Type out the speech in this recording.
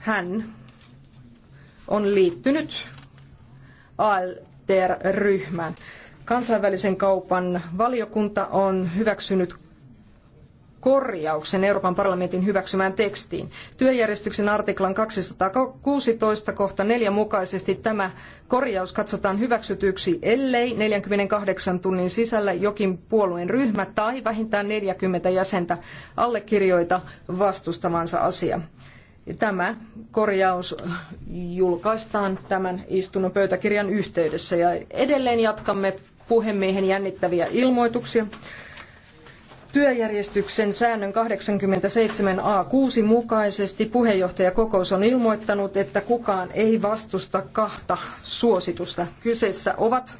hän on liittynyt ALTER-ryhmään. Kansainvälisen kaupan valiokunta on hyväksynyt korjauksen Euroopan parlamentin hyväksymään tekstiin. Työjärjestyksen artiklan 216 kohta 4 mukaisesti tämä korjaus katsotaan hyväksytyksi, ellei 48 tunnin sisällä jokin puolueen ryhmä tai vähintään 40 jäsentä allekirjoita vastustamansa asia. Tämä korjaus julkaistaan tämän istunnon pöytäkirjan yhteydessä ja edelleen jatkamme puhemiehen jännittäviä ilmoituksia. Työjärjestyksen säännön 87a6 mukaisesti puheenjohtajakokous on ilmoittanut, että kukaan ei vastusta kahta suositusta. Kyseessä ovat